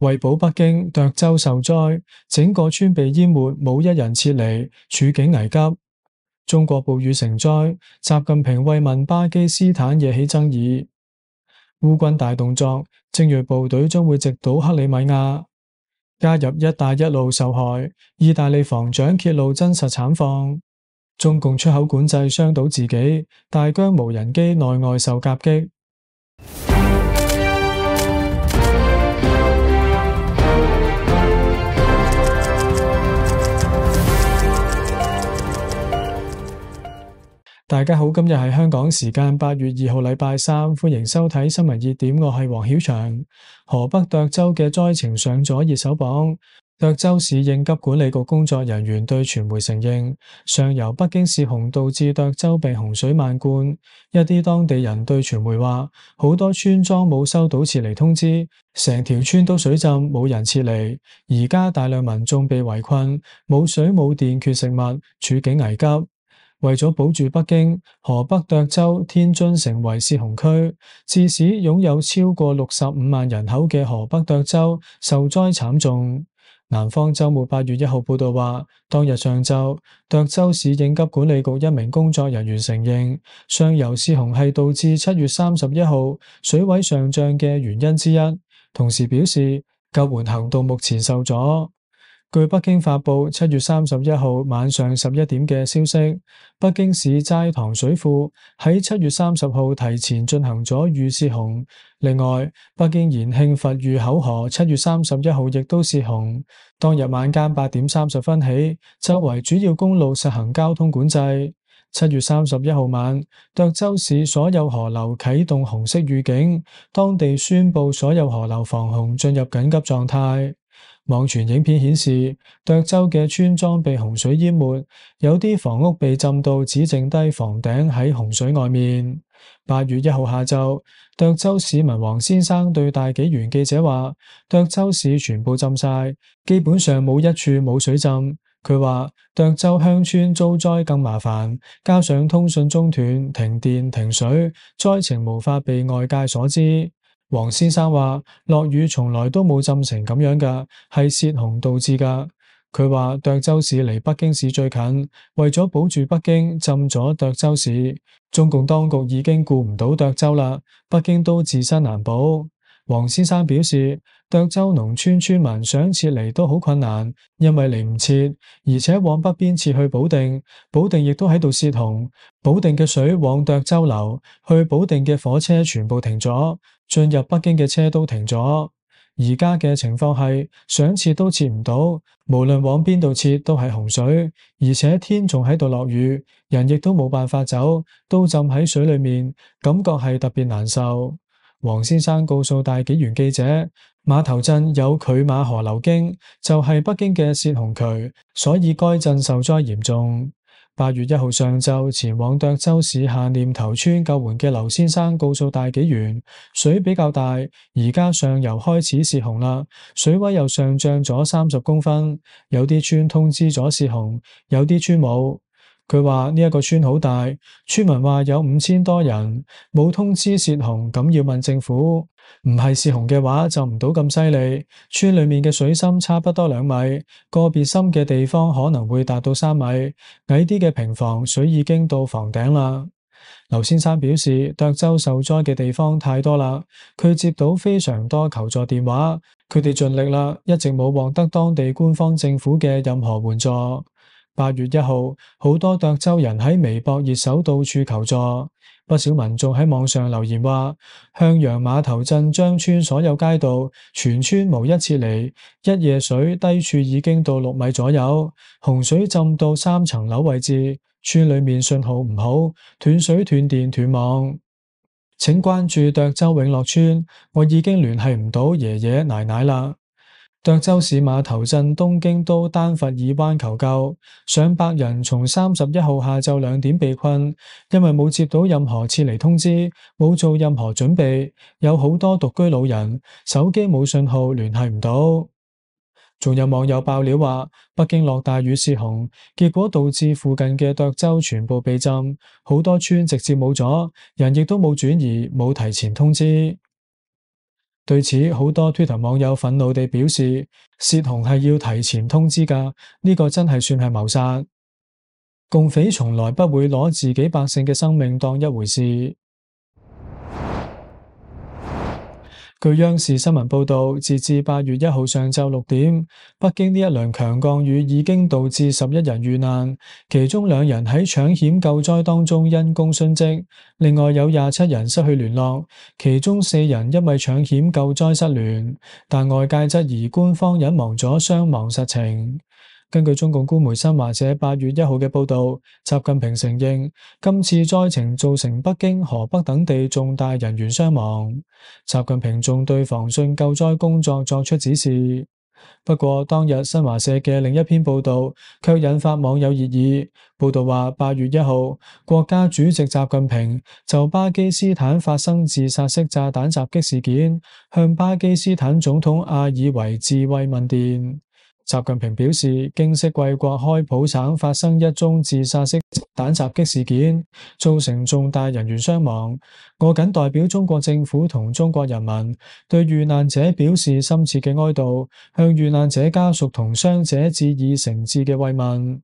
為保北京，涿州受災，整個村被淹沒，冇一人撤離，處境危急。中國暴雨成災，習近平慰問巴基斯坦惹起爭議。烏軍大動作，精銳部隊將會直搗克里米亞，加入一帶一路受害。意大利防長揭露真實慘況，中共出口管制傷到自己，大疆無人機內外受夾擊。大家好，今日係香港時間八月二號禮拜三，歡迎收睇新聞熱點。我係黃曉翔。河北涿州嘅災情上咗熱搜榜。涿州市應急管理局工作人員對傳媒承認，上游北京市洪導致涿州被洪水漫灌。一啲當地人對傳媒話，好多村莊冇收到撤離通知，成條村都水浸，冇人撤離。而家大量民眾被圍困，冇水冇電，缺食物，處境危急。為咗保住北京，河北涿州、天津成為洩洪區，致使擁有超過六十五萬人口嘅河北涿州受災慘重。南方周末八月一號報道話，當日上晝，涿州市應急管理局一名工作人員承認，上游洩洪係導致七月三十一號水位上漲嘅原因之一，同時表示救援行動目前受阻。據北京發布七月三十一號晚上十一點嘅消息，北京市齋堂水庫喺七月三十號提前進行咗預泄洪。另外，北京延慶佛峪口河七月三十一號亦都泄洪。當日晚間八點三十分起，周圍主要公路實行交通管制。七月三十一號晚，涿州市所有河流啟動紅色預警，當地宣布所有河流防洪進入緊急狀態。網傳影片顯示，涿州嘅村莊被洪水淹沒，有啲房屋被浸到，只剩低房頂喺洪水外面。八月一號下晝，涿州市民王先生對大紀元記者話，涿州市全部浸晒，基本上冇一處冇水浸。佢話，涿州鄉村遭災更麻煩，加上通訊中斷、停電、停水，災情無法被外界所知。王先生話：落雨從來都冇浸成咁樣噶，係泄洪導致噶。佢話涿州市離北京市最近，為咗保住北京，浸咗涿州市。中共當局已經顧唔到涿州啦，北京都自身難保。黃先生表示，涿州農村村民想撤離都好困難，因為嚟唔切，而且往北邊撤去保定，保定亦都喺度泄洪，保定嘅水往涿州流，去保定嘅火車全部停咗。進入北京嘅車都停咗，而家嘅情況係想撤都撤唔到，無論往邊度撤都係洪水，而且天仲喺度落雨，人亦都冇辦法走，都浸喺水裏面，感覺係特別難受。黃先生告訴大紀元記者，碼頭鎮有拒馬河流經，就係、是、北京嘅洩洪渠，所以該鎮受災嚴重。八月一號上晝，前往涿州市下念頭村救援嘅劉先生告訴大紀元，水比較大，而家上游開始洩洪啦，水位又上漲咗三十公分，有啲村通知咗洩洪，有啲村冇。佢話：呢一個村好大，村民話有五千多人，冇通知洩洪，咁要問政府。唔係洩洪嘅話，就唔到咁犀利。村裡面嘅水深差不多兩米，個別深嘅地方可能會達到三米。矮啲嘅平房，水已經到房頂啦。劉先生表示，涿州受災嘅地方太多啦，佢接到非常多求助電話，佢哋盡力啦，一直冇獲得當地官方政府嘅任何援助。八月一號，好多涿州人喺微博熱搜到處求助，不少民眾喺網上留言話：向陽碼頭鎮張村所有街道，全村無一撤離，一夜水低處已經到六米左右，洪水浸到三層樓位置，村裏面信號唔好，斷水斷電斷網，請關注涿州永樂村，我已經聯繫唔到爺爺奶奶啦。涿州市碼頭鎮東京都丹佛爾灣求救，上百人從三十一號下晝兩點被困，因為冇接到任何撤離通知，冇做任何準備，有好多獨居老人，手機冇信號，聯繫唔到。仲有網友爆料話，北京落大雨泄洪，結果導致附近嘅涿州全部被浸，好多村直接冇咗，人亦都冇轉移，冇提前通知。對此，好多 Twitter 網友憤怒地表示：洩洪係要提前通知噶，呢、這個真係算係謀殺。共匪從來不會攞自己百姓嘅生命當一回事。據央視新聞報道，截至八月一號上晝六點，北京呢一輪強降雨已經導致十一人遇難，其中兩人喺搶險救災當中因公殉職，另外有廿七人失去聯絡，其中四人因為搶險救災失聯，但外界質疑官方隱瞞咗傷亡實情。根據中共官媒新華社八月一號嘅報道，習近平承認今次災情造成北京、河北等地重大人員傷亡。習近平仲對防汛救災工作作出指示。不過當日新華社嘅另一篇報道卻引發網友熱議。報道話八月一號，國家主席習近平就巴基斯坦發生自殺式炸彈襲擊事件向巴基斯坦總統阿爾維致慰問電。習近平表示，驚悉貴國開普省發生一宗自殺式彈襲擊事件，造成重大人員傷亡。我謹代表中國政府同中國人民，對遇難者表示深切嘅哀悼，向遇難者家屬同傷者致以誠摯嘅慰問。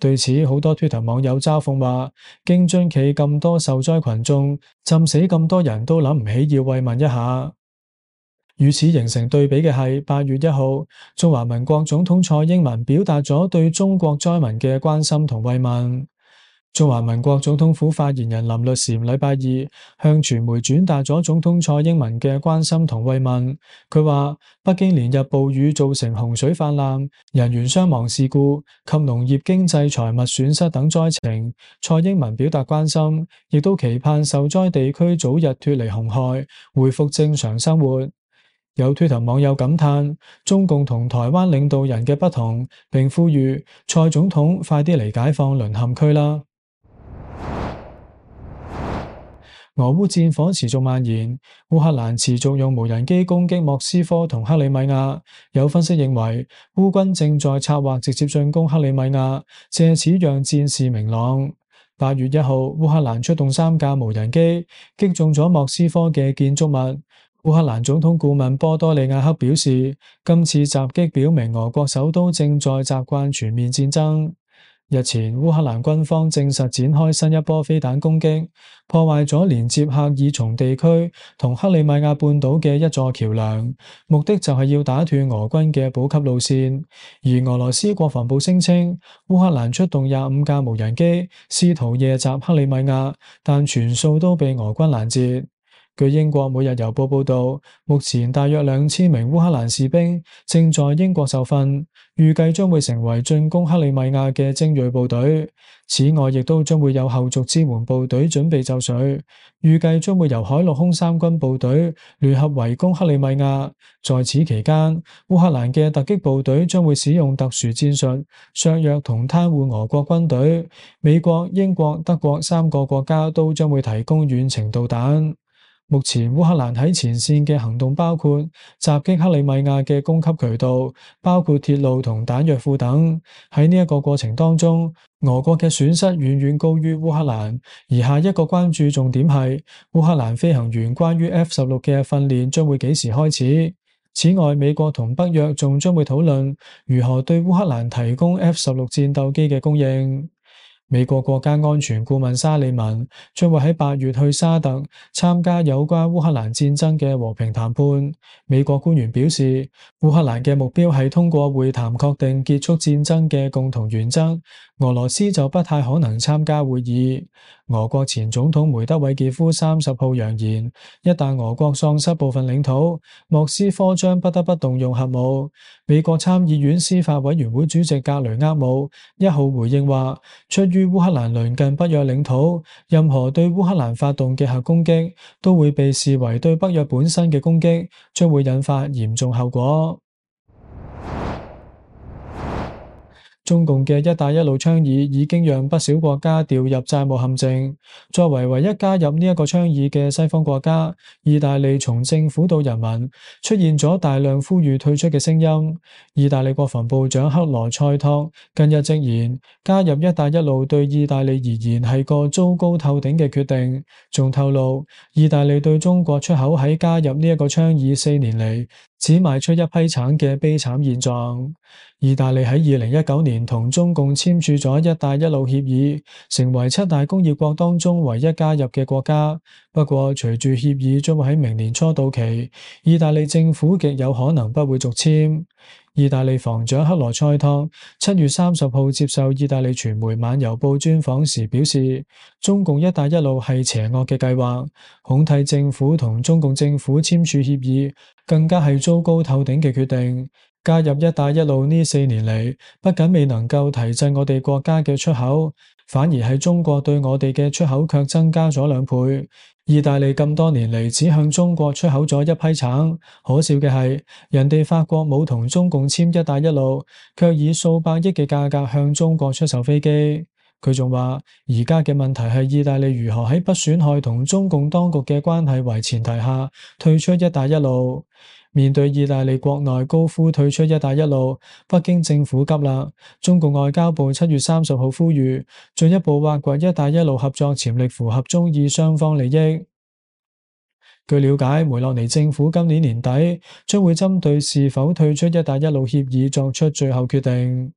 對此，好多 Twitter 網友嘲諷話：京津冀咁多受災群眾，浸死咁多人都諗唔起要慰問一下。與此形成對比嘅係八月一號，中華民國總統蔡英文表達咗對中國災民嘅關心同慰問。中華民國總統府發言人林聿禪禮拜二向傳媒轉達咗總統蔡英文嘅關心同慰問。佢話：北京連日暴雨造成洪水泛濫、人員傷亡事故及農業經濟財物損失等災情，蔡英文表達關心，亦都期盼受災地區早日脱離洪害，恢復正常生活。有推特網友感嘆中共同台灣領導人嘅不同，並呼籲蔡總統快啲嚟解放淪陷區啦。俄烏戰火持續蔓延，烏克蘭持續用無人機攻擊莫斯科同克里米亞。有分析認為，烏軍正在策劃直接進攻克里米亞，借此讓戰事明朗。八月一號，烏克蘭出動三架無人機，擊中咗莫斯科嘅建築物。烏克蘭總統顧問波多利亞克表示，今次襲擊表明俄國首都正在習慣全面戰爭。日前，烏克蘭軍方證實展開新一波飛彈攻擊，破壞咗連接赫爾松地區同克里米亞半島嘅一座橋樑，目的就係要打斷俄軍嘅補給路線。而俄羅斯國防部聲稱，烏克蘭出動廿五架無人機，試圖夜襲克里米亞，但全數都被俄軍攔截。據英國每日郵報報道，目前大約兩千名烏克蘭士兵正在英國受訓，預計將會成為進攻克里米亞嘅精銳部隊。此外，亦都將會有後續支援部隊準備就緒，預計將會由海陸空三軍部隊聯合圍攻克里米亞。在此期間，烏克蘭嘅突擊部隊將會使用特殊戰術削弱同癱瘓俄國軍隊。美國、英國、德國三個國家都將會提供遠程導彈。目前烏克蘭喺前線嘅行動包括襲擊克里米亞嘅供給渠道，包括鐵路同彈藥庫等。喺呢一個過程當中，俄國嘅損失遠遠高於烏克蘭。而下一個關注重點係烏克蘭飛行員關於 F 十六嘅訓練將會幾時開始。此外，美國同北約仲將會討論如何對烏克蘭提供 F 十六戰鬥機嘅供應。美國國家安全顧問沙利文將會喺八月去沙特參加有關烏克蘭戰爭嘅和平談判。美國官員表示，烏克蘭嘅目標係通過會談確定結束戰爭嘅共同原則。俄羅斯就不太可能參加會議。俄國前總統梅德韋傑夫三十號揚言，一旦俄國喪失部分領土，莫斯科將不得不動用核武。美國參議院司法委員會主席格雷厄姆一號回應話，出於於烏克蘭鄰近北約領土，任何對烏克蘭發動嘅核攻擊，都會被視為對北約本身嘅攻擊，將會引發嚴重後果。中共嘅「一帶一路」倡議已經讓不少國家掉入債務陷阱。作為唯一加入呢一個倡議嘅西方國家，意大利從政府到人民出現咗大量呼籲退出嘅聲音。意大利國防部長克羅塞托近日直言，加入「一帶一路」對意大利而言係個糟糕透頂嘅決定。仲透露，意大利對中國出口喺加入呢一個倡議四年嚟，只賣出一批橙嘅悲慘現狀。意大利喺二零一九年同中共簽署咗一帶一路協議，成為七大工業國當中唯一加入嘅國家。不過，隨住協議將會喺明年初到期，意大利政府極有可能不會續簽。意大利防長克羅塞托七月三十號接受意大利傳媒《晚郵報》專訪時表示，中共“一帶一路”係邪惡嘅計劃，孔特政府同中共政府簽署協議，更加係糟糕透頂嘅決定。加入一帶一路呢四年嚟，不僅未能夠提振我哋國家嘅出口，反而喺中國對我哋嘅出口卻增加咗兩倍。意大利咁多年嚟只向中國出口咗一批橙，可笑嘅係人哋法國冇同中共簽一帶一路，卻以數百億嘅價格向中國出售飛機。佢仲話，而家嘅問題，係意大利如何喺不損害同中共當局嘅關係為前提下退出一帶一路。面對意大利國內高呼退出“一帶一路”，北京政府急啦。中共外交部七月三十號呼籲，進一步挖掘“一帶一路”合作潛力，符合中意雙方利益。據了解，梅洛尼政府今年年底將會針對是否退出“一帶一路”協議作出最後決定。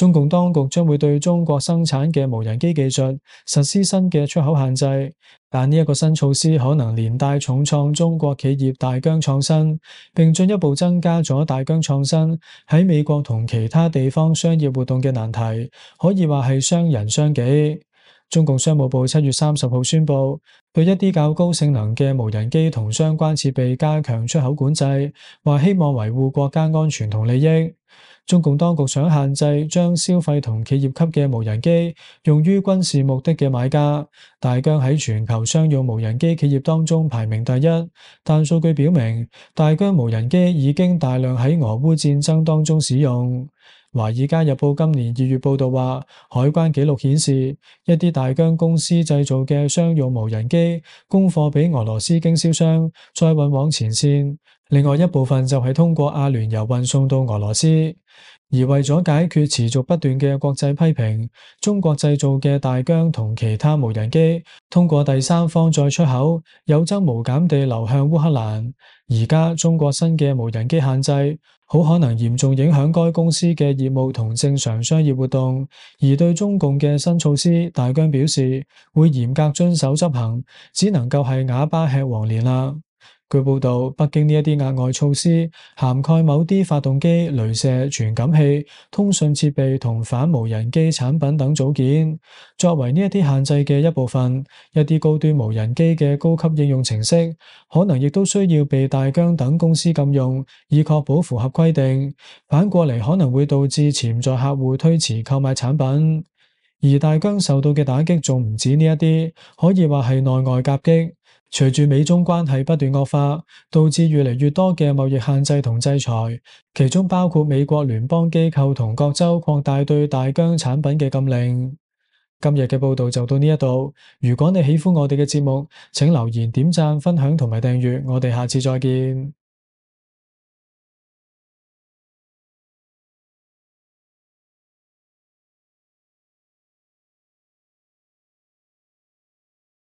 中共當局將會對中國生產嘅無人機技術實施新嘅出口限制，但呢一個新措施可能連帶重創中國企業大疆創新，並進一步增加咗大疆創新喺美國同其他地方商業活動嘅難題，可以話係傷人傷己。中共商務部七月三十號宣布，對一啲較高性能嘅無人機同相關設備加強出口管制，話希望維護國家安全同利益。中共當局想限制將消費同企業級嘅無人機用於軍事目的嘅買家。大疆喺全球商用無人機企業當中排名第一，但數據表明，大疆無人機已經大量喺俄烏戰爭當中使用。《華爾街日報》今年二月報導話，海關記錄顯示，一啲大疆公司製造嘅商用無人機，供貨俾俄羅斯經銷商，再運往前線。另外一部分就係通過阿聯酋運送到俄羅斯，而為咗解決持續不斷嘅國際批評，中國製造嘅大疆同其他無人機通過第三方再出口，有增無減地流向烏克蘭。而家中國新嘅無人機限制，好可能嚴重影響該公司嘅業務同正常商業活動。而對中共嘅新措施，大疆表示會嚴格遵守執行，只能夠係啞巴吃黃連啦。據報道，北京呢一啲額外措施涵蓋某啲發動機、鐳射傳感器、通訊設備同反無人機產品等組件。作為呢一啲限制嘅一部分，一啲高端無人機嘅高級應用程式可能亦都需要被大疆等公司禁用，以確保符合規定。反過嚟可能會導致潛在客戶推遲購買產品。而大疆受到嘅打擊仲唔止呢一啲，可以話係內外夾擊。隨住美中關係不斷惡化，導致越嚟越多嘅貿易限制同制裁，其中包括美國聯邦機構同各州擴大對大疆產品嘅禁令。今日嘅報道就到呢一度。如果你喜歡我哋嘅節目，請留言、點贊、分享同埋訂閱。我哋下次再見。